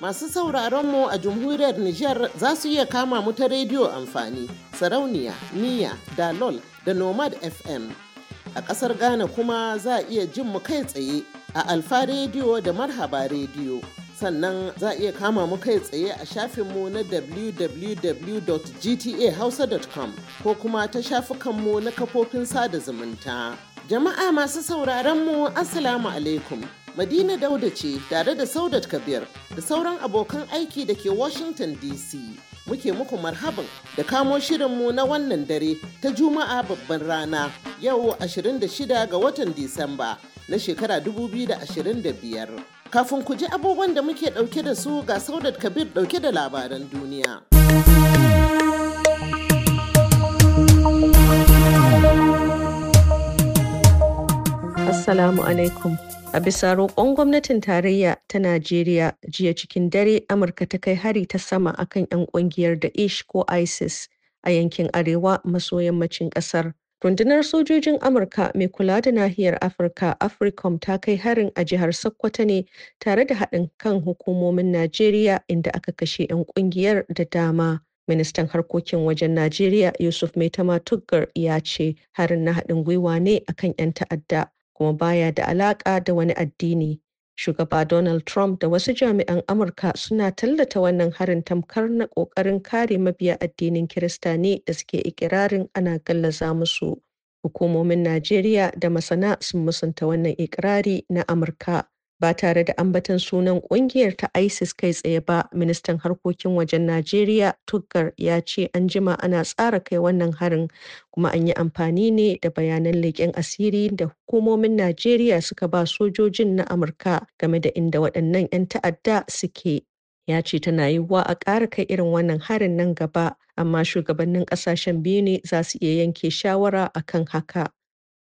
Masu sauraron mu a jamhuriyar Nijar za su iya kama mu ta rediyo amfani, sarauniya, niya, dalol da nomad FM. A ƙasar Ghana kuma za a iya jin mu kai tsaye a Alfa rediyo da Marhaba rediyo. Sannan za a iya kama mu kai tsaye a shafinmu na www.gtahausa.com ko kuma ta shafukanmu na kafofin sada zumunta. Jama'a masu mu Assalamu alaikum. Madina Dauda ce tare da Saudat Kabir da sauran abokan aiki da ke Washington DC. Muke muku marhaban da kamo shirinmu na wannan dare ta Juma'a babban rana yau 26 ga watan Disamba na shekara 2025. Kafin ku ji abubuwan da muke ɗauke da su ga Saudat Kabir ɗauke da labaran duniya. Assalamu alaikum. A bisa roƙon gwamnatin tarayya ta Najeriya jiya cikin dare Amurka ta kai hari ta sama akan 'yan ƙungiyar da ish ko ISIS a yankin arewa maso yammacin ƙasar. Rundunar sojojin Amurka mai kula da nahiyar Afirka Africom ta kai harin a jihar Sokoto ne tare da haɗin kan hukumomin Najeriya inda aka kashe 'yan ƙungiyar da dama. Ministan harkokin wajen Najeriya Yusuf Maitama Tuggar ya ce harin na haɗin gwiwa ne akan 'yan ta'adda kuma baya da alaƙa da wani addini. Shugaba Donald Trump da wasu jami'an Amurka suna tallata wannan harin tamkar na ƙoƙarin kare mabiya addinin Kirista ne da suke ikirarin ana gallaza musu. Hukumomin Najeriya da masana sun musanta wannan ikirari na Amurka. ba tare da ambaton sunan kungiyar ta isis kai tsaye ba ministan harkokin wajen najeriya tuggar ya ce an jima ana tsara kai wannan harin kuma an yi amfani ne da bayanan leƙen asiri da hukumomin najeriya suka ba sojojin na amurka game da inda waɗannan 'yan ta'adda suke ya ce tana yiwuwa a ƙara kai irin wannan harin nan gaba amma shugabannin ƙasashen biyu ne za su iya yanke shawara a kan haka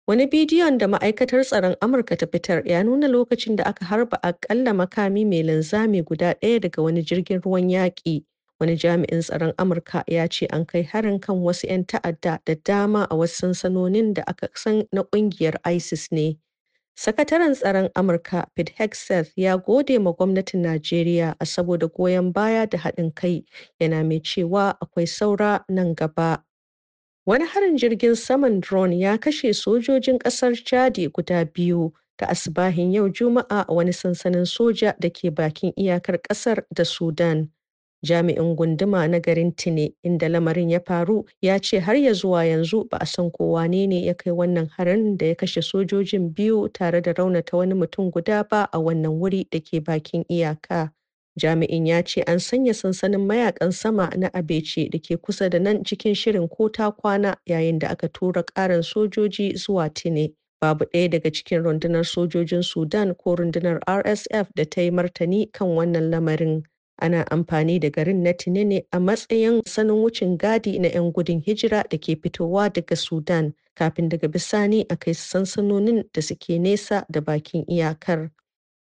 Wani bidiyon da Ma'aikatar Tsaron Amurka ta fitar ya nuna lokacin da aka harba aƙalla makami mai linzami guda ɗaya daga wani jirgin ruwan yaƙi. Wani jami'in tsaron Amurka ya ce an kai harin kan wasu 'yan ta'adda da dama a wasu sansanonin da aka san na ƙungiyar ISIS ne. Sakataren tsaron Amurka Pete Hegseth ya gode ma gwamnatin Najeriya a saboda goyon baya da haɗin kai, yana mai cewa akwai saura nan gaba. Wani harin jirgin saman drone ya kashe sojojin ƙasar Chadi guda biyu ta asibahin yau Juma'a a wani sansanin soja da ke bakin iyakar ƙasar da Sudan. Jami'in gunduma na garin Tine inda lamarin ya faru ya ce har ya zuwa yanzu ba a san kowane ne ya kai wannan harin da ya kashe sojojin biyu tare da raunata wani mutum guda ba a wannan wuri da ke bakin iyaka. Jami'in ya ce an sanya sansanin mayakan sama na Abece da ke kusa da nan cikin shirin ko ta kwana yayin da aka tura ƙarin sojoji zuwa Tine. Babu ɗaya daga cikin rundunar sojojin Sudan ko rundunar RSF da ta yi martani kan wannan lamarin. Ana amfani da garin na Tine a matsayin sanin wucin gadi na 'yan gudun hijira da ke fitowa daga Sudan kafin daga bisani a kai sansanonin da suke nesa da bakin iyakar.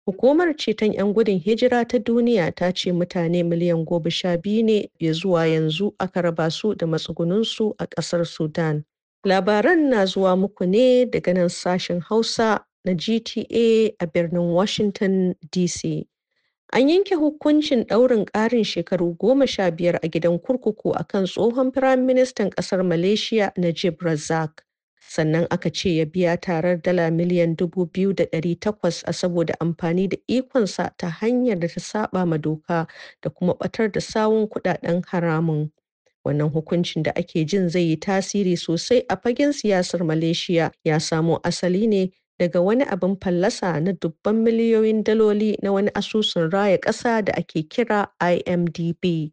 Hukumar Ceton 'Yan Gudun Hijira ta Duniya ta ce mutane miliyan goma sha biyu ne ya zuwa yanzu aka raba su da matsugunansu a ƙasar Sudan. Labaran na zuwa muku ne daga nan sashen Hausa na GTA a birnin Washington DC. An yanke hukuncin ɗaurin ƙarin shekaru goma sha biyar a gidan kurkuku a kan tsohon Firaministan ƙasar Malaysia Najib Razak. sannan aka ce ya biya tarar dala miliyan dubu biyu da ɗari takwas a saboda amfani da ikonsa ta hanyar da ta saɓa ma doka da kuma ɓatar da sawun kuɗaɗen haramun. wannan hukuncin da ake jin zai yi tasiri sosai a fagen siyasar malaysia ya samo asali ne daga wani abin fallasa na dubban miliyoyin daloli na wani asusun raya ƙasa da ake kira imdb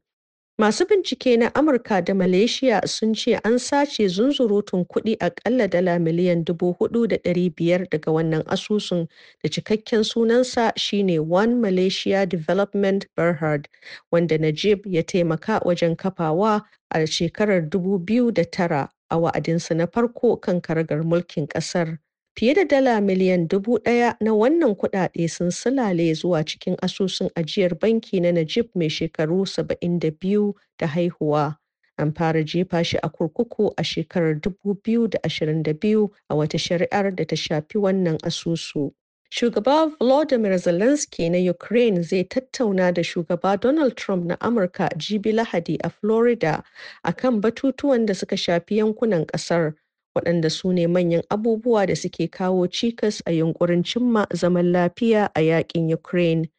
Masu bincike na Amurka da Malaysia sun ce an sace zunzurutun kuɗi aƙalla dala miliyan 4,500 daga wannan asusun da cikakken sunansa shine ne One Malaysia Development Berhad, wanda Najib ya taimaka wajen kafawa a shekarar 2009 a wa'adinsa na farko kan karagar mulkin ƙasar. Fiye da dala miliyan dubu ɗaya na wannan kuɗaɗe sun silale zuwa cikin asusun ajiyar banki na Najib mai shekaru 72 da haihuwa. An fara jefa shi a kurkuku a shekarar 2022 a wata shari'ar da ta shafi wannan asusu. Shugaba Volodymyr Zelensky na Ukraine zai tattauna da shugaba Donald Trump na Amurka jibi Lahadi a Florida a kan batutuwan da suka shafi yankunan ƙasar waɗanda su ne manyan abubuwa da suke kawo cikas a yunƙurin cimma zaman lafiya a yaƙin Ukraine.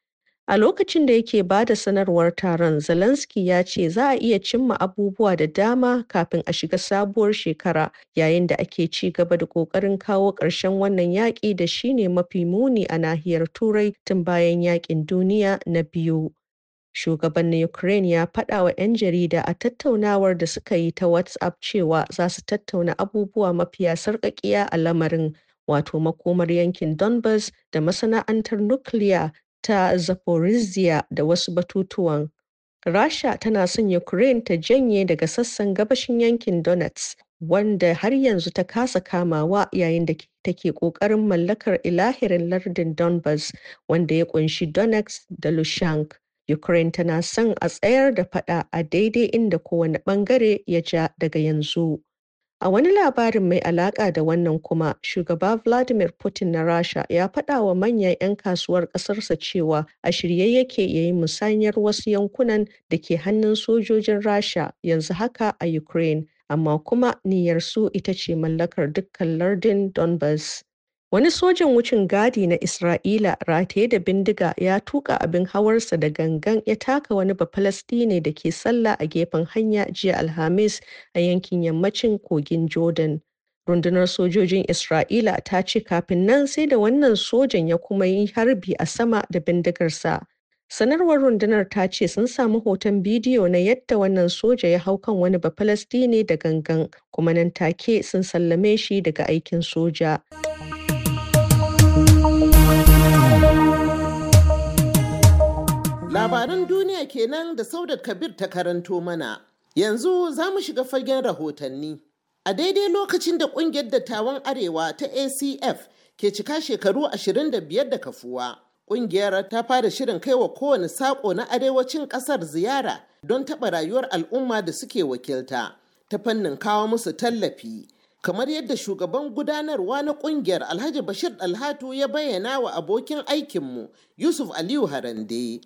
A lokacin da yake ba da sanarwar taron, Zelensky ya ce za a iya cimma abubuwa da dama kafin a shiga sabuwar shekara yayin da ake ci gaba da ƙoƙarin kawo ƙarshen wannan yaƙi da shi ne mafi muni a nahiyar Turai tun bayan yaƙin duniya na biyu. Shugaban na Ukraine ya faɗa wa 'yan jarida a tattaunawar da suka yi ta WhatsApp cewa za su tattauna abubuwa mafiya sarƙaƙiya a lamarin, wato makomar yankin Donbas da masana'antar nukiliya ta Zaporizhzhia da wasu batutuwan. Rasha tana son Ukraine ta janye daga sassan gabashin yankin Donetsk, wanda har yanzu ta kasa kamawa yayin da take ƙoƙarin mallakar ilahirin lardin Donbas, wanda ya ƙunshi Donetsk da Lushansk. Ukraine tana son a tsayar da faɗa a daidai inda kowane bangare ya ja daga yanzu. A wani labarin mai alaƙa da wannan kuma, shugaba Vladimir Putin na Rasha ya faɗa wa manyan 'yan kasuwar ƙasarsa cewa a shirye yake ya yi musanyar wasu yankunan da ke hannun sojojin Rasha yanzu haka a Ukraine, amma kuma su ita ce mallakar dukkan lardin Donbas. Wani sojan wucin gadi na Isra'ila rataye da bindiga ya tuka abin hawarsa da gangan ya taka wani Bafalastine da ke sallah a gefen hanya jiya Alhamis a yankin yammacin kogin Jordan. Rundunar sojojin Isra'ila ta ce kafin nan sai da wannan sojan ya kuma yi harbi a sama da bindigarsa. Sanarwar rundunar ta ce sun samu hoton bidiyo na yadda wannan soja ya hau kan wani Bafalastine da gangan kuma nan take sun sallame shi daga aikin soja. Labaran duniya kenan da Saudat Kabir ta karanto mana. Yanzu za mu shiga fagen rahotanni. A daidai lokacin da ƙungiyar dattawan Arewa ta ACF ke cika shekaru 25 da kafuwa. Ƙungiyar ta fara shirin kaiwa kowane saƙo na arewacin ƙasar ziyara don taɓa rayuwar al'umma da suke wakilta ta fannin kawo musu tallafi. Kamar yadda shugaban gudanarwa na ƙungiyar Alhaji Bashir Alhatu ya bayyana wa abokin aikinmu Yusuf Aliyu Harande.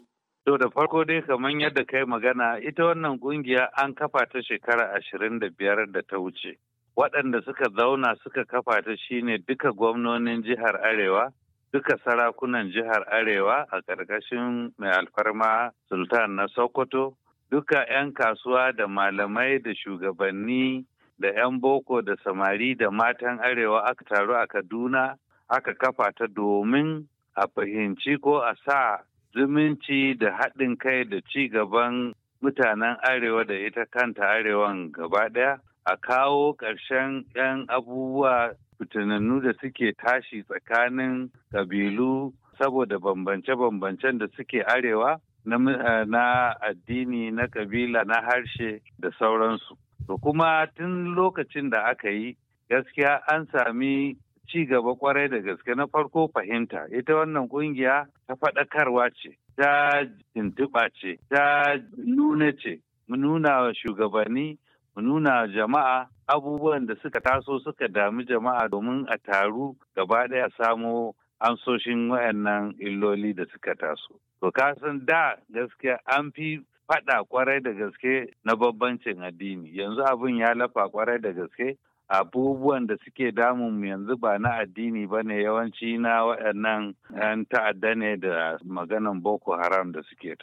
To da farko dai kamar yadda kai magana ita wannan kungiya an kafa ta shekara ashirin da biyar da ta wuce. Waɗanda suka zauna suka kafa ta shine duka gwamnonin jihar Arewa, duka sarakunan jihar Arewa a ƙarƙashin mai alfarma Sultan na Sokoto, duka 'yan kasuwa da malamai da shugabanni da 'yan boko da samari da matan Arewa aka taru a Kaduna aka kafa ta domin a fahimci ko a sa zumunci da haɗin kai da ci gaban mutanen arewa da ita kanta arewan gaba ɗaya a kawo ƙarshen 'yan abubuwa fitinannu da suke tashi tsakanin ƙabilu saboda bambance-bambancen da suke arewa eh, na addini na ƙabila na harshe da sauransu. To kuma tun lokacin da aka yi gaskiya an sami ci gaba kwarai da gaske na farko fahimta ita wannan kungiya ta faɗakarwa ce ta tuntuɓa ce ta nuna ce mu nuna wa shugabanni mu nuna jama'a abubuwan da suka taso suka dami jama'a domin a taru gaba ɗaya samo amsoshin wayannan illoli da suka taso. To san da gaskiya an fi faɗa kwarai da gaske na babbancin addini yanzu abin ya lafa kwarai da gaske abubuwan da suke damun yanzu ba na addini ba ne yawanci na waɗannan 'yan ta'adda ne da maganan boko haram da suke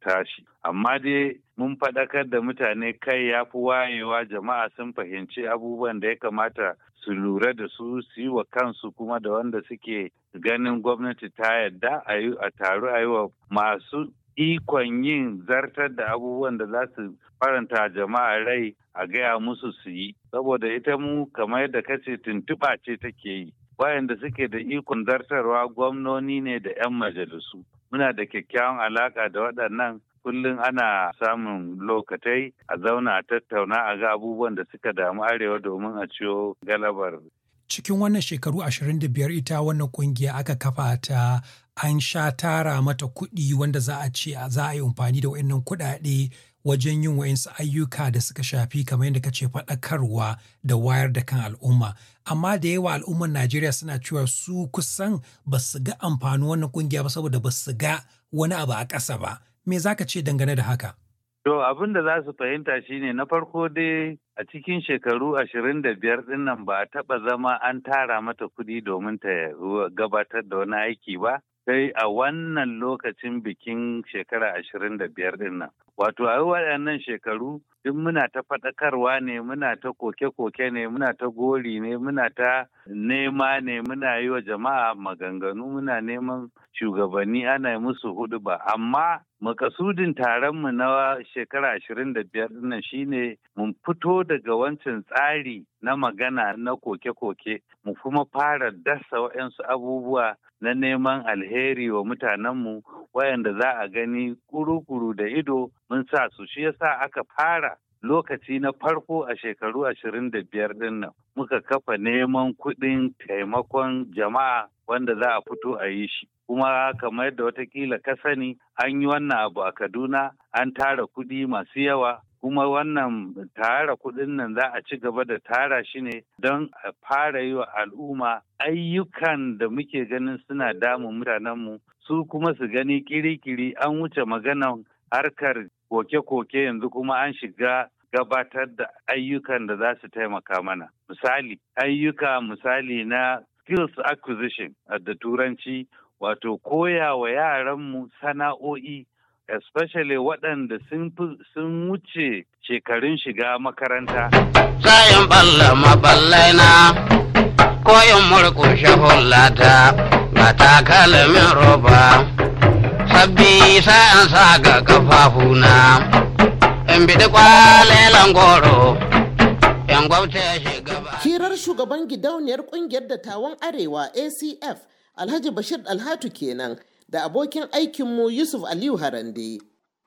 tashi amma dai mun faɗakar da mutane kai ya fi wayewa jama'a sun fahimci abubuwan da ya kamata su lura da su su yi wa kansu kuma da wanda suke ganin gwamnati ta yadda a taru a yi wa masu ikon yin zartar da abubuwan da za su faranta jama'a rai a gaya musu su yi saboda ita mu kamar yadda kace tuntuɓa ce take yi wayanda suke da ikon zartarwa gwamnoni ne da 'yan majalisu muna da kyakkyawan alaka da waɗannan kullum ana samun lokatai a zauna a tattauna a ga abubuwan da suka damu arewa domin a ciyo galabar cikin wannan shekaru 25 ita wannan kungiya aka kafa ta an sha tara mata kuɗi wanda za a ce za a yi amfani da waɗannan kuɗaɗe wajen yin wa'insu ayyuka da suka shafi kamar yadda ka ce faɗakarwa da wayar da kan al'umma amma da yawa al'ummar najeriya suna cewa su kusan ba su ga amfanin wannan ƙungiya ba saboda ba su ga wani abu a ƙasa ba me za ka ce dangane da haka to abin da za su fahimta shine na farko dai a cikin shekaru ashirin da biyar ɗin ba a taɓa zama an tara mata kuɗi domin ta gabatar da wani aiki ba sai a wannan lokacin bikin shekara ashirin da biyar dinnan. Wato a waɗannan shekaru duk muna ta faɗakarwa ne muna ta koke-koke ne muna ta gori ne muna ta nema ne muna yi wa jama'a maganganu muna neman shugabanni ana musu hudu ba amma makasudin taron mu na shekara ashirin da biyar dinnan shine mun fito daga wancan tsari na magana na koke-koke mu kuma fara dasa wa'yansu abubuwa na neman alheri wa mutanenmu wayanda za a gani kuru-kuru da ido mun sa su shi yasa aka fara lokaci na farko a shekaru ashirin da biyar din nan muka kafa neman kuɗin taimakon jama'a wanda za a fito a yi shi kuma kamar yadda watakila ka sani an yi wannan abu a kaduna an tara kuɗi masu yawa kuma wannan tara kuɗin nan za a ci gaba da tara shi ne don a fara yi wa al'umma ayyukan da muke ganin suna damun mutanenmu su kuma su gani kiri-kiri an wuce maganan harkar koke-koke yanzu kuma an shiga gabatar da ayyukan da za su taimaka mana. Misali, ayyuka misali na skills acquisition da turanci wato koya wa yaranmu sana'o'i especially waɗanda sun wuce shekarun shiga makaranta. Sayan balla maballai na koyon murkushe hulata, mata kalamin roba. rabbi sa'an sa ga kafafuna in biɗi kwalelan goro yan gwamta ya shiga ba. hirar shugaban gidauniyar kungiyar dattawan arewa acf alhaji bashir alhatu kenan da abokin aikinmu yusuf aliyu harande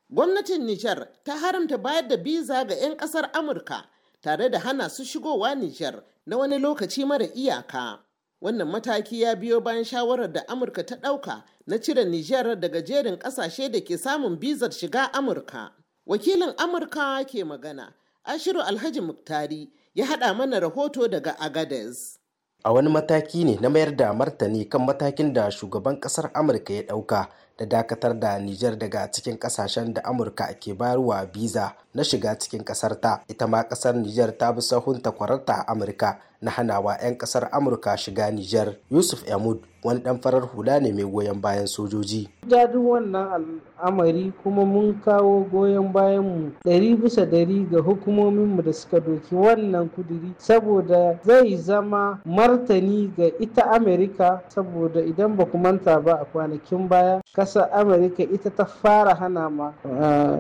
gwamnatin nijar ta haramta bayar da biza ga 'yan kasar amurka tare da hana su shigowa nijar na wani lokaci mara iyaka wannan mataki ya biyo bayan shawarar da amurka ta ɗauka na cire Nijar daga jerin ƙasashe da ke samun bizar shiga Amurka. Wakilin Amurka ke magana, Ashiru Alhaji Muktari ya haɗa mana rahoto daga Agadez. A wani mataki ne na mayar da martani kan matakin da shugaban ƙasar Amurka ya ɗauka da dakatar da Nijar daga cikin ƙasashen da Amurka ke bayarwa biza na shiga cikin kasar ta ita ma kasar Nijar ta bi sahun takwararta a Amurka na hanawa 'yan kasar Amurka shiga Nijar Yusuf Ahmed wani dan farar hula ne mai goyon bayan sojoji. Jadu wannan al'amari kuma mun kawo goyon bayan mu ɗari bisa ɗari ga hukumomin mu da suka doki wannan kuduri saboda zai zama martani ga ita Amerika saboda idan ba ku manta ba a kwanakin baya ƙasar Amerika ita ta fara hana ma ah,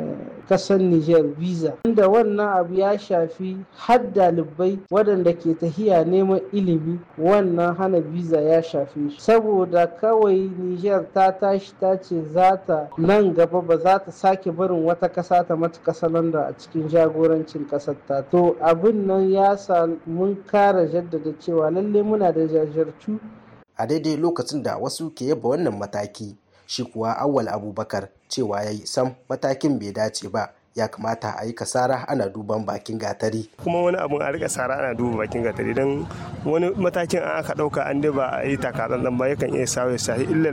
kasar Nijar visa inda wannan abu ya shafi har dalibai waɗanda ke tahiya neman ilimi wannan hana visa ya shafe shi saboda kawai Nijar ta tashi ta ce za ta nan gaba ba za ta sake barin wata ƙasa ta mata kasalanda a cikin jagorancin ƙasar ta to abin nan ya sa mun kara jaddada cewa lalle muna da jajirtu a daidai lokacin da wasu ke yaba wannan mataki shi kuwa awwal abubakar cewa ya yi sam matakin bai dace ba ya kamata a yi kasara ana duban bakin gatari kuma wani abun a rika sara ana duba bakin gatari don wani matakin an aka dauka an da ba a yi takatsantsan ba yakan iya sawo ya shahi illa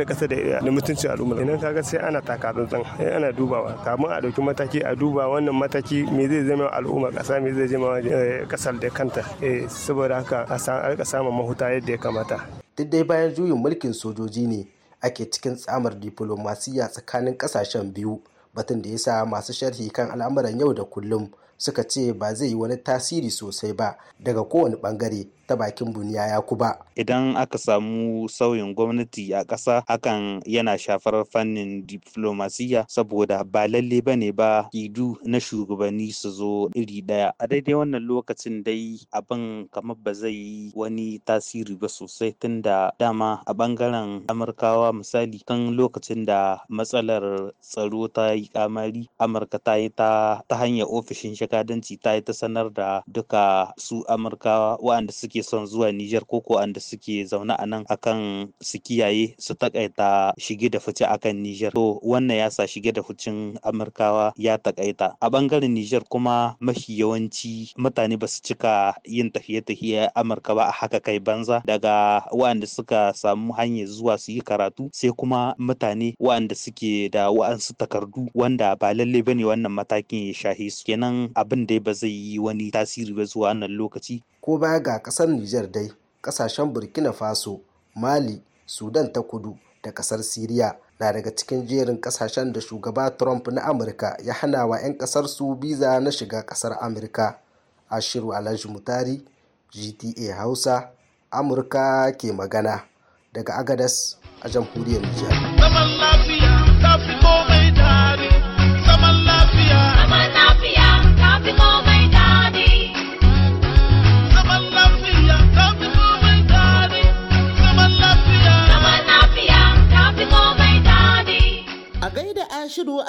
da kasa da mutuncin al'umma idan kaga sai ana takatsantsan eh, ana dubawa kamun a dauki mataki a duba wannan mataki me zai zama al'umma kasa me zai zama kasar eh, da kanta eh, saboda haka a rika samun mahuta yadda ya kamata duk dai bayan juyin mulkin sojoji ne ake cikin tsamar diflomasiyya tsakanin ƙasashen biyu batun da ya sa masu sharhi kan al'amuran yau da kullum suka ce ba zai yi wani tasiri sosai ba daga kowane bangare ta bakin buniya ya kuba. Idan aka samu sauyin gwamnati a ƙasa hakan yana shafar fannin diflomasiya saboda ba lalle ba ne ba idu na shugabanni su zo iri ɗaya. A daidai wannan lokacin dai abin kamar ba zai yi wani tasiri ba sosai tun da dama a ɓangaren Amurkawa misali tun lokacin da matsalar tsaro ta yi kamari Amurka ta yi ta hanyar ofishin shakadanci ta yi ta sanar da duka su Amurkawa waɗanda suke suke son zuwa Nijar ko ko da suke zaune a nan akan su kiyaye su takaita shige da fice akan Nijar. To wannan ya sa shige da ficin Amurkawa ya takaita. A bangaren Nijar kuma mafi yawanci mutane ba su cika yin tafiye-tafiye Amurka ba a haka kai banza daga waɗanda suka samu hanyar zuwa su yi karatu sai kuma mutane waɗanda suke da wa'ansu takardu wanda ba lalle bane wannan matakin ya shahe su kenan abin dai ba zai yi wani tasiri ba zuwa wannan lokaci ko baya ga kasar Nijar dai kasashen Burkina Faso, Mali, Sudan ta kudu da kasar Siriya na daga cikin jerin kasashen da shugaba Trump na Amurka ya hana wa 'yan kasar su biza na shiga kasar Amurka. Ashiru Alhaji Mutari, GTA Hausa, Amurka ke magana daga Agadas a jamhuriyar Nijar.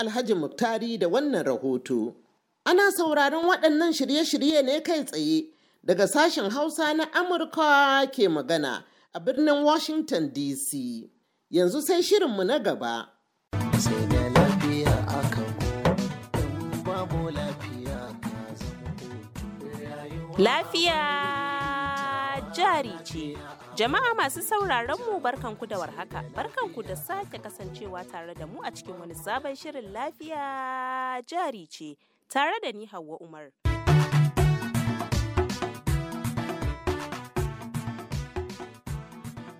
Alhaji Muktari da wannan rahoto. Ana sauraron waɗannan shirye-shirye ne kai tsaye daga sashen Hausa na Amurka ke magana a birnin Washington DC. Yanzu sai shirinmu na gaba. Lafiya jari ce. Jama'a masu sauraron mu barkanku da warhaka, barkanku da sake kasancewa tare da mu a cikin wani sabon shirin lafiya jari ce tare da ni Hauwa Umar.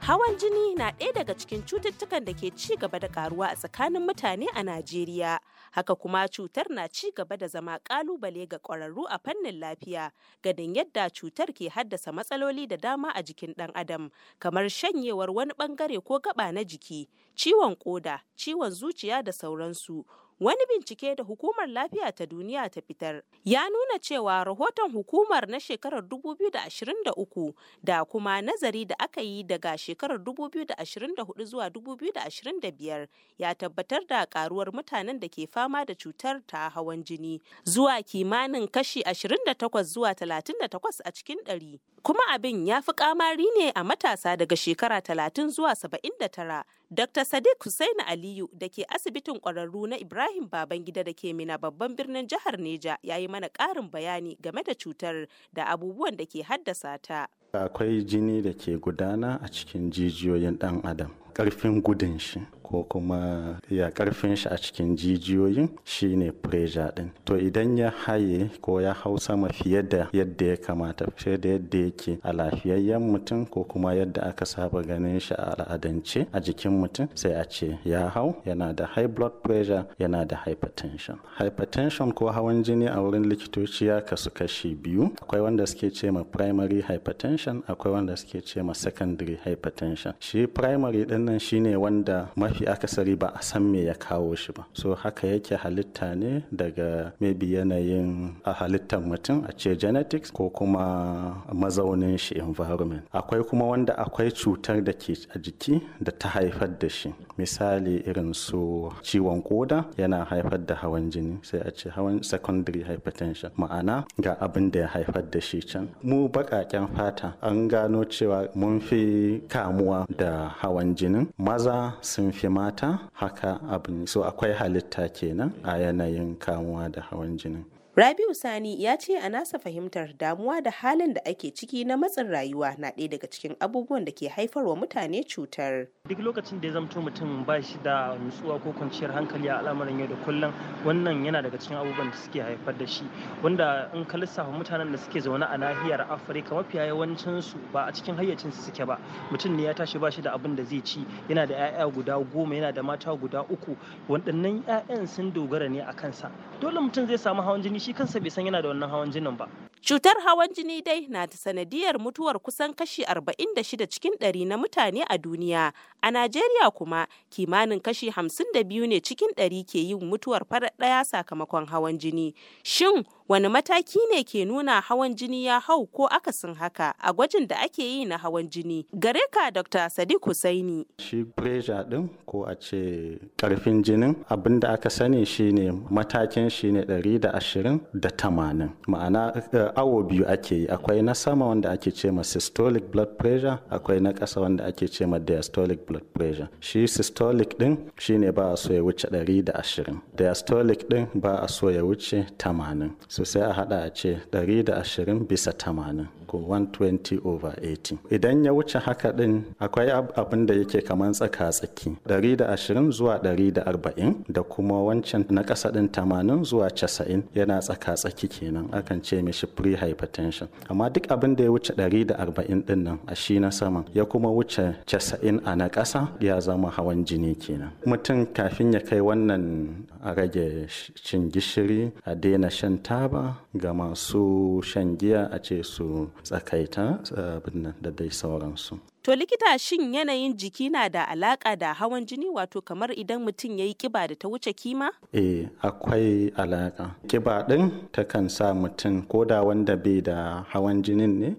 Hawan jini na ɗaya daga cikin cututtukan da ke ci gaba da karuwa a tsakanin mutane a Najeriya. Haka kuma cutar na ci gaba da zama ƙalubale ga ƙwararru a fannin lafiya, ganin yadda cutar ke haddasa matsaloli da dama a jikin ɗan adam, kamar shanyewar wani ɓangare ko gaba na jiki, ciwon ƙoda, ciwon zuciya da sauransu, Wani bincike da Hukumar Lafiya ta Duniya ta fitar ya nuna cewa rahoton hukumar na shekarar 2023 da kuma nazari da aka yi daga shekarar 2024 zuwa 2025 ya tabbatar da karuwar mutanen da ke fama da cutar ta hawan jini zuwa kimanin kashi 28 zuwa 38 a cikin 100. Kuma abin ya fi kamari ne a matasa daga shekara 30 zuwa 79 Dr. Sadiq hussain Aliyu da ke asibitin ƙwararru na Ibrahim Babangida da ke Mina babban birnin jihar Neja ya yi mana ƙarin bayani game da cutar da abubuwan da ke haddasa ta. Akwai jini da ke gudana a cikin jijiyoyin ɗan adam. karfin gudun shi ko kuma ya karfin shi a cikin jijiyoyin shi ne pressure din to idan ya haye ko ya hau sama fiye da yadda ya kamata fiye da yadda yake a lafiyayyen mutum ko kuma yadda aka saba ganin shi a al'adance a jikin mutum sai a ce ya hau yana da high blood pressure yana da hypertension hypertension ko hawan jini a wurin likitoci ya kasu kashi biyu akwai wanda suke ce ma primary hypertension akwai wanda suke ce ma secondary hypertension shi primary din nan ne wanda mafi akasari ba a san me ya kawo shi ba so haka yake halitta ne daga maybe yanayin a halittar mutum a ce genetics ko kuma mazaunin shi environment akwai kuma wanda akwai cutar da ke a jiki da ta haifar da shi misali irin su ciwon koda yana haifar da hawan jini sai a ce hawan secondary hypertension ma'ana ga abin da ya haifar da shi can mu baƙaƙen fata an gano cewa mun fi kamuwa da hawan jini kenan maza sun fi mata haka abin so akwai halitta kenan a yanayin kamuwa da hawan jinin Rabiu Sani ya ce a nasa fahimtar damuwa da halin da ake ciki na matsin rayuwa na ɗaya daga cikin abubuwan da ke haifarwa mutane cutar. Duk lokacin da ya zamto mutum ba shi da nutsuwa ko kwanciyar hankali a al'amarin yau da kullum wannan yana daga cikin abubuwan da suke haifar da shi wanda in ka lissafa mutanen da suke zaune a nahiyar Afirka mafiya yawancin su ba a cikin hayyacin su suke ba mutum ne ya tashi ba shi da abin da zai ci yana da 'ya'ya guda goma yana da mata guda uku waɗannan 'ya'yan sun dogara ne a kansa dole mutum zai samu hawan jini shi kansa bai san yana da wannan hawan jinin ba Cutar hawan jini dai na da sanadiyar mutuwar kusan kashi 46 cikin ɗari na mutane a duniya. A Najeriya kuma kimanin kashi 52 ne cikin ɗari ke yin mutuwar farat ɗaya sakamakon hawan jini. Shin Wani mataki ne ke nuna hawan jini ya hau ko akasin haka a gwajin da ake yi na hawan jini? Gare ka Dr. Sadiq Husaini. Shi pressure din ko a ce karfin jinin abin da aka sani shine matakin shine 120 da 80. Ma'ana eh, awo biyu ake yi akwai na sama wanda ake ce ma systolic blood pressure akwai na ƙasa wanda ake ce ma diastolic blood pressure. Shi systolic din shine ba a so ya wuce 120. Diastolic din ba a so ya wuce 80. so sai a hada a ce 120 bisa tamanin ko 120 over 80 idan ya wuce haka din akwai abin da yake kamar tsaka-tsaki 120 zuwa 140 da kuma wancan na kasa din 80 zuwa 90 yana tsaka-tsaki kenan akan ce mishi pre-hypertension amma duk abin da ya wuce 140 din nan a shi na saman ya kuma wuce 90 a na kasa ya zama hawan jini kenan mutum kafin ya kai wannan a rage cin gishiri a daina shan ta taba ga masu shan giya a ce su tsakaita eh, da dai sauransu To likita shin yanayin jiki na da alaka da hawan jini wato kamar idan mutum ya yi kiba da ta wuce kima? Eh akwai alaka. Kiba ɗin takan sa mutum ko da wanda bai da hawan jinin ne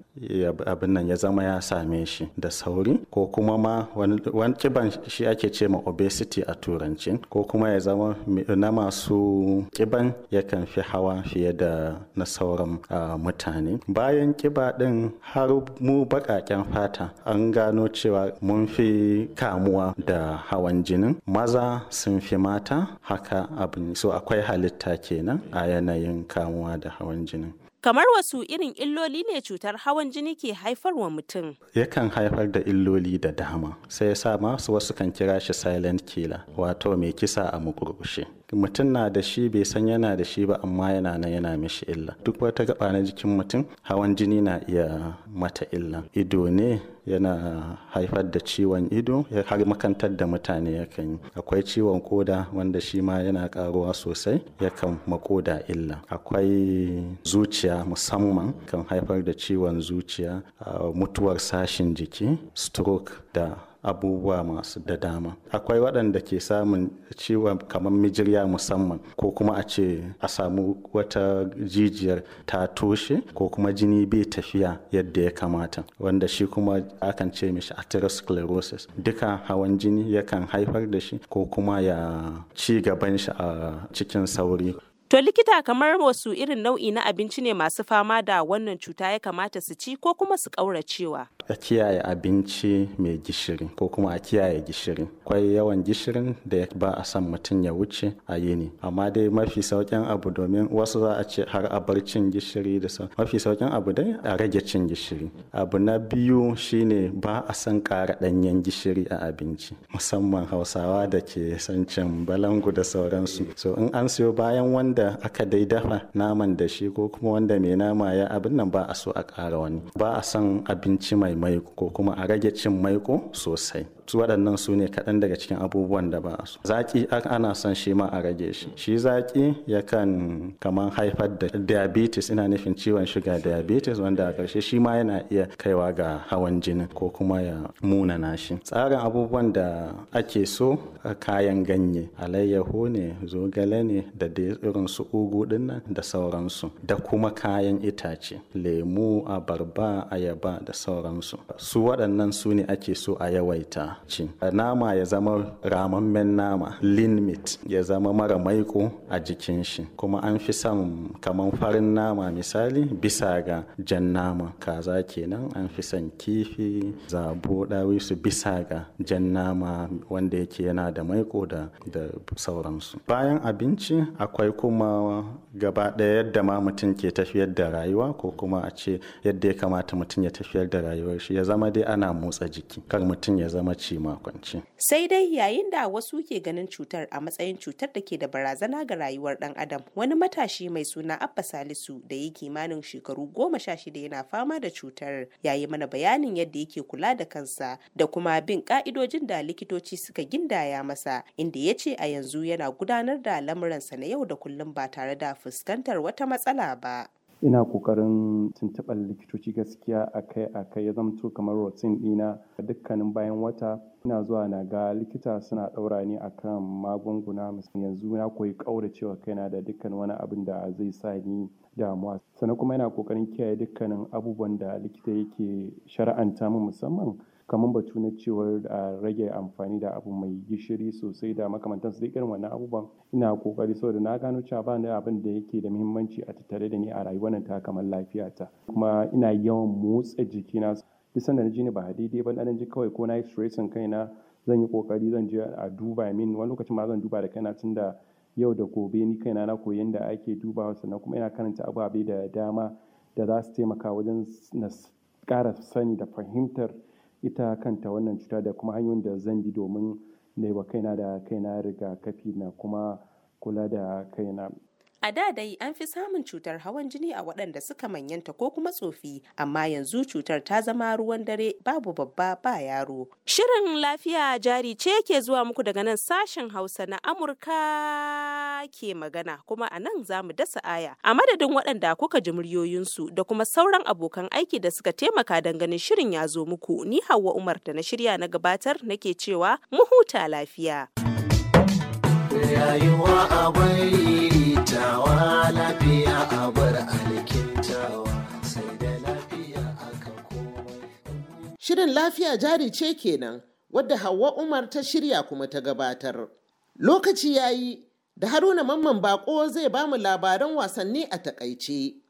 abin nan ya zama ya same shi da sauri ko kuma ma wani kiban shi ake ce ma obesity a turanci ko kuma ya zama na masu kiban yakan fi hawa fiye da na sauran ah, mutane. Bayan kiba ɗin har mu baƙaƙen fata an gano cewa mun fi kamuwa da hawan jinin maza sun fi mata haka abin so akwai halitta kenan a yanayin kamuwa da hawan jinin kamar wasu irin illoli ne cutar hawan jini ke haifar wa mutum yakan haifar da illoli da dama sai ya sa masu wasu kan kira shi silent killer wato mai kisa a mukurkushe mutum na da shi bai san yana da shi ba amma yana nan yana mishi illa duk wata gaba na jikin mutum hawan jini na iya mata illa ido ne yana haifar da ciwon ido har makantar da mutane yakan yi akwai ciwon koda wanda shi ma yana karuwa sosai yakan makoda illa akwai zuciya musamman kan haifar da ciwon zuciya mutuwar sashin jiki stroke da abubuwa masu da dama akwai waɗanda ke samun ciwon kamar mijirya musamman ko kuma a ce a samu wata jijiyar ta toshe ko kuma jini bai tafiya yadda ya kamata wanda shi kuma akan ce mishi atherosclerosis duka hawan jini yakan haifar da shi ko kuma ya ci gaban shi a cikin sauri To likita kamar wasu irin nau'i na abinci ne masu fama da wannan cuta ya kamata su ci ko kuma su kauracewa A kiyaye abinci mai gishiri ko kuma a kiyaye gishiri. Kwai yawan gishirin da ba a son mutum ya wuce a yini. Amma dai mafi sauƙin abu domin wasu za a ce har a bar cin gishiri da sau. Mafi sauƙin abu dai a rage cin gishiri. Abu na biyu shine ba a son ƙara ɗanyen gishiri a abinci. Musamman Hausawa da ke son cin balangu da sauransu. So in an siyo bayan wanda wanda aka dai dafa naman da shi ko kuma wanda mai nama ya abin nan ba a so a ƙara wani ba a son abinci mai maiko ko kuma a rage cin maiko sosai su waɗannan su ne kaɗan daga cikin abubuwan da ba su zaƙi ana son shi ma a rage shi shi zaƙi yakan kamar haifar da diabetes ina nufin ciwon shiga diabetes wanda a ƙarshe shi ma yana iya kaiwa ga hawan jini ko kuma ya munana shi tsarin abubuwan da ake so kayan ganye alayyahu ne zogale ne da dai irin su ugu dinnan da sauransu da kuma kayan itace lemu abarba ayaba da sauransu su waɗannan su ne ake so a yawaita nama ya zama ramammen nama lean meat ya zama mara maiko a jikin shi kuma an fi son kamar farin nama misali bisa ga jan nama kaza kenan an fi son kifi zabo dawi su bisa ga jan nama wanda yake yana da maiko da sauransu bayan abinci akwai kuma gaba ɗaya yadda ma mutum ke tafiyar da rayuwa ko kuma a ce yadda ya kamata mutum ya tafiyar da rayuwar shi ya zama dai ana motsa jiki kar mutum ya zama Sai dai yayin da wasu ke ganin cutar a matsayin cutar da ke da barazana ga rayuwar dan adam wani matashi mai suna Abba Salisu da yake kimanin shekaru goma sha shida yana fama da cutar yayi mana bayanin yadda yake kula da kansa da kuma bin ka'idojin da likitoci suka gindaya masa inda ya ce a yanzu yana gudanar da lamuransa na yau da kullum ba tare da fuskantar wata matsala ba. Ina ƙoƙarin tuntuɓar likitoci gaskiya a kai-a kai. ya zamto kamar dina a dukkanin bayan wata. Ina zuwa na ga likita suna ɗaura ni a kan magunguna. Yanzu na koyi ƙauracewa kaina da dukkan wani abun da zai sa ni damuwa. Sannan kuma ina ƙoƙarin kiyaye dukkanin abubuwan da likita yake shari'anta min musamman. kamar batu na cewar a rage amfani da abu mai gishiri sosai da makamantansu duk irin wannan abubuwan ina kokari saboda na gano cewa ba ni abin da yake da muhimmanci a tattare da ni a rayuwar nan ta kamar lafiyata kuma ina yawan motsa jikina duk sanda na ji ni ba daidai ba dan ji kawai ko na yi stressin kaina zan yi kokari zan je a duba min wani lokacin ma zan duba da kaina tunda yau da gobe ni kaina na koyi yadda ake dubawa sannan kuma ina karanta ababe da dama da za su taimaka wajen na ƙara sani da fahimtar ita kanta wannan cuta da kuma hanyoyin da zan bi domin na wa kaina da kaina rigakafi na kuma kula da kaina. A da dai an fi samun cutar hawan jini a waɗanda suka manyanta ko kuma tsofi, amma yanzu cutar ta zama ruwan dare babu babba ba yaro. Shirin lafiya jari ce ke zuwa muku daga nan sashen Hausa na Amurka ke magana kuma a nan za mu dasa aya. A madadin waɗanda kuka ji muryoyinsu da kuma sauran abokan aiki da suka taimaka don ganin shirin ya zo muku ni Hauwa Umar da na shirya na gabatar nake cewa mu huta lafiya. Rayuwa a kyakkyawa lafiya a bar alkintawa sai da lafiya akan Shirin lafiya jari ce kenan wadda Hauwa Umar ta shirya kuma ta gabatar. Lokaci yayi da Haruna Mamman Bako zai bamu labaran wasanni a takaice.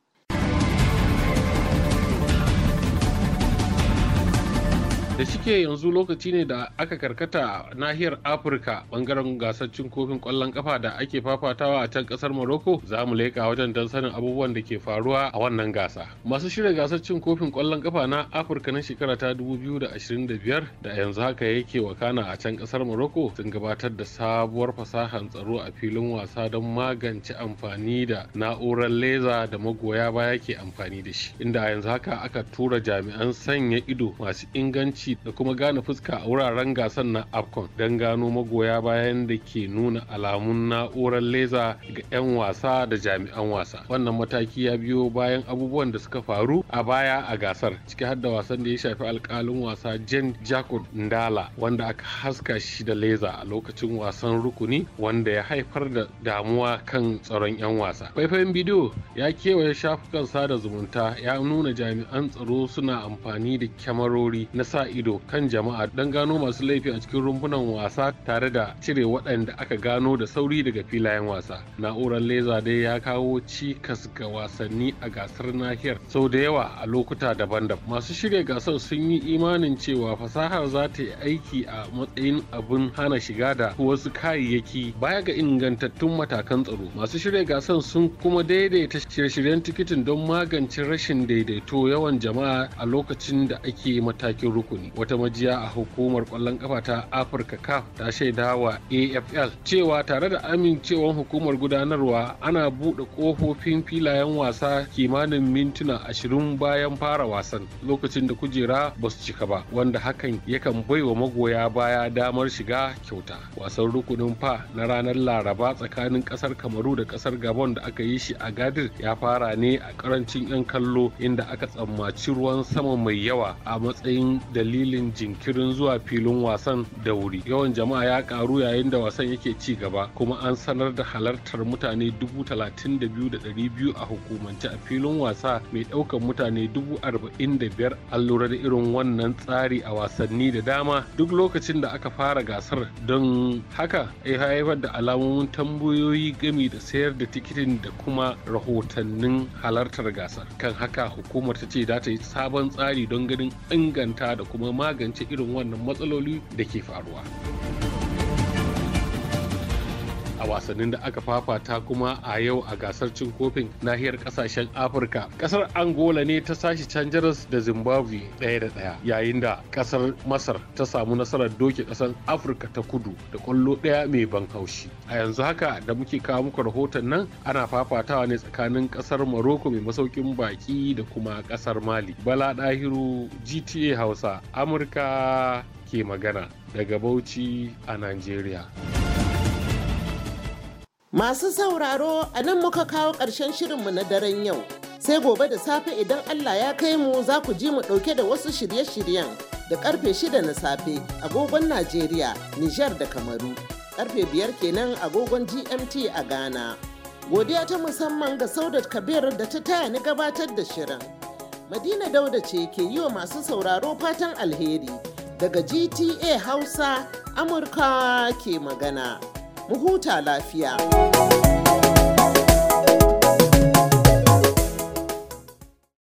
da ke yanzu lokaci ne da aka karkata nahiyar afirka bangaren gasar cin kofin kwallon kafa da ake fafatawa a can kasar morocco za mu leka wajen don sanin abubuwan da ke faruwa a wannan gasa masu shirya gasar cin kofin kwallon kafa na afirka na shekara ta 2025 da yanzu haka yake wakana a can kasar morocco sun gabatar da sabuwar fasahar tsaro a filin wasa don magance amfani da na'urar leza da magoya baya ke amfani da shi inda a yanzu haka aka tura jami'an sanya ido masu inganci da kuma gane fuska a wuraren gasar na afcon don gano magoya bayan da ke nuna alamun na'urar leza ga 'yan wasa da jami'an wasa wannan mataki ya biyo bayan abubuwan da suka faru a baya a gasar ciki har da wasan da ya shafi alkalin wasa jen jacob ndala wanda aka haska shi da leza a lokacin wasan rukuni wanda ya haifar da damuwa kan tsaron 'yan wasa faifayin bidiyo ya kewaye shafukan sada zumunta ya nuna jami'an tsaro suna amfani da kyamarori na sa ido ido kan jama'a don gano masu laifi a cikin rumfunan wasa tare da cire waɗanda aka gano da sauri daga filayen wasa. Na'urar leza dai ya kawo cikas ga wasanni a gasar nahiyar sau da yawa a lokuta daban-daban. Masu shirya gasar sun yi imanin cewa fasahar za ta yi aiki a matsayin abin hana shiga da wasu kayayyaki baya ga ingantattun matakan tsaro masu shirya gasar sun kuma daidaita shirye-shiryen tikitin don magance rashin daidaito yawan jama'a a lokacin da ake matakin rukuni Wata majiya a hukumar kwallon kafa ta Afirka CAF ta shaida wa AFL cewa tare da amincewan hukumar gudanarwa ana buɗe ƙofofin filayen wasa kimanin mintuna ashirin bayan fara wasan lokacin da kujera ba su cika ba wanda hakan yakan bai wa magoya baya damar shiga kyauta. Wasan rukunin fa na ranar Laraba tsakanin ƙasar Kamaru da ƙasar Gabon da aka yi shi a Gadir ya fara ne a ƙarancin 'yan kallo inda aka tsammaci ruwan sama mai yawa a matsayin dalilin dalilin jinkirin zuwa filin wasan da wuri yawan jama'a ya karu yayin da wasan yake ci gaba kuma an sanar da halartar mutane 32,200 a hukumance a filin wasa mai daukan mutane dubu 45,000 an lura da irin wannan tsari a wasanni da dama duk lokacin da aka fara gasar don haka ya haifar da alamomin tambayoyi gami da sayar da tikitin da kuma rahotannin halartar gasar kan haka hukumar ta ce za ta yi sabon tsari don ganin inganta da kuma domin magance irin wannan matsaloli da ke faruwa. a wasannin da aka fafata kuma a yau a gasar cin kofin nahiyar kasashen afirka kasar angola ne ta sashi canjaras da zimbabwe ɗaya da ɗaya yayin da kasar masar ta samu nasarar doke kasar afirka ta kudu da kwallo ɗaya mai ban haushi a yanzu haka da muke kawo muku rahoton nan ana fafatawa ne tsakanin kasar Maroko mai masaukin baki da kuma kasar mali bala ɗahiru gta hausa amurka ke magana daga bauchi a nigeria Masu sauraro a nan muka kawo ƙarshen shirinmu na daren yau. Sai gobe da safe idan Allah ya kai mu za ku ji mu ɗauke da wasu shirye-shiryen da ƙarfe shida na safe agogon Najeriya, Nijar da Kamaru. Ƙarfe biyar kenan agogon GMT a Ghana. Godiya ta musamman ga Saudat Kabir da ta taya ni gabatar da shirin. Madina Dauda ce ke yi wa masu sauraro fatan alheri daga GTA Hausa Amurka ke magana. mu huta lafiya.